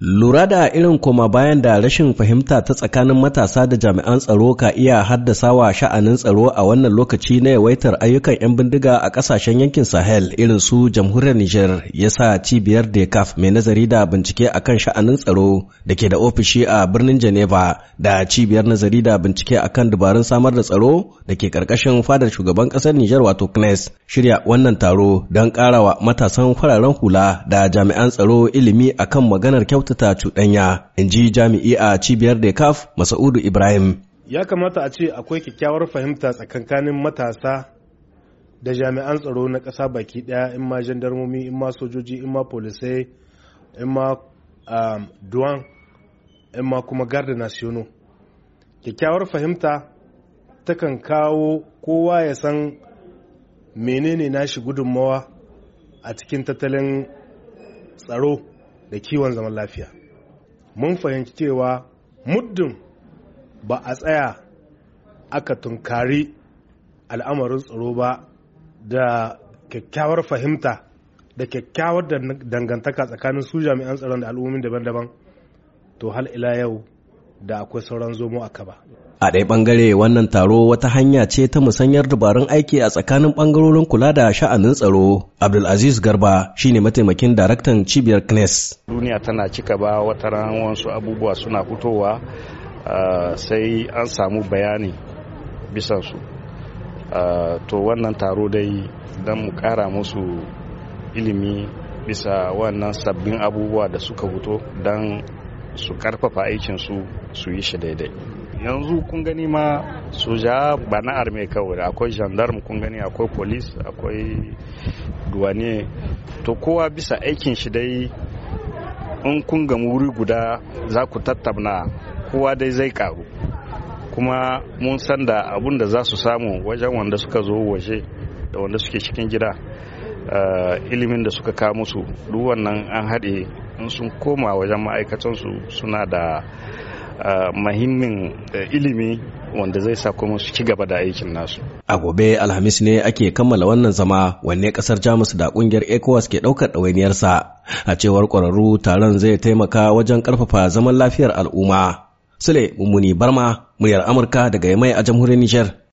Lura da irin koma bayan da rashin fahimta ta tsakanin matasa da jami'an tsaro ka iya haddasa wa sha'anin tsaro a wannan lokaci na yawaitar ayyukan 'yan bindiga a kasashen yankin Sahel irin su jamhuriyar Nijar ya sa cibiyar DECAF mai nazari da bincike a kan sha'anin tsaro da ke da ofishi a birnin Geneva da cibiyar nazari da bincike a kan dabarun samar da tsaro da ke karkashin fadar shugaban ƙasar Nijar wato CNES shirya wannan taro don ƙarawa matasan fararen hula da jami'an tsaro ilimi akan maganar kyauta kyautata cuɗanya in ji jami'i a cibiyar dekaf masa'udu ibrahim ya kamata a ce akwai kyakkyawar fahimta tsakankanin matasa da jami'an tsaro na ƙasa baki ɗaya in ma jandarmomi in ma sojoji in ma polisai in ma um, duwan in ma kuma garda nasiono kyakkyawar fahimta takan kawo kowa ya san menene nashi gudunmawa a cikin tattalin tsaro da kiwon zaman lafiya mun fahimci cewa muddin ba a tsaya aka tunkari al'amarin tsaro ba da kyakkyawar fahimta da kyakkyawar dangantaka tsakanin su jami'an tsaron da al'ummin daban-daban to hal ila yau da akwai sauran zomo a kaba. A ɗaya ɓangare wannan taro wata hanya ce ta musanyar dabarun aiki a tsakanin ɓangarorin kula da sha'anin tsaro. Abdulaziz Garba shi ne mataimakin daraktan cibiyar CNES. Duniya tana cika ba wata ranar wasu abubuwa suna fitowa sai an samu bayani bisansu. To wannan taro dai don mu ƙara musu ilimi bisa wannan sabbin abubuwa da suka fito don su karfafa aikinsu su yi shi daidai. yanzu kun gani ma soja ba na arme kawai akwai gendarme kun gani akwai police akwai duwane to kowa bisa aikin shi dai in kun gamu wuri guda za ku tattabna kowa dai zai karu kuma mun san da abun da za su samu wajen wanda suka zo waje da wanda suke cikin gida eh, ilimin da suka kawo musu duk wannan an haɗe in sun koma wajen ma'aikatansu suna da mahimmin eh, ilimi wanda zai sa kuma su ci gaba da aikin nasu. A gobe Alhamis ne ake kammala wannan zama wanne kasar Jamus da kungiyar ECOWAS ke ɗaukar ɗawainiyarsa. A cewar ƙwararru taron zai taimaka wajen ƙarfafa zaman lafiyar al'umma. Sule Mummuni Barma, muryar Amurka daga Yamai a jamhuriyar Nijar.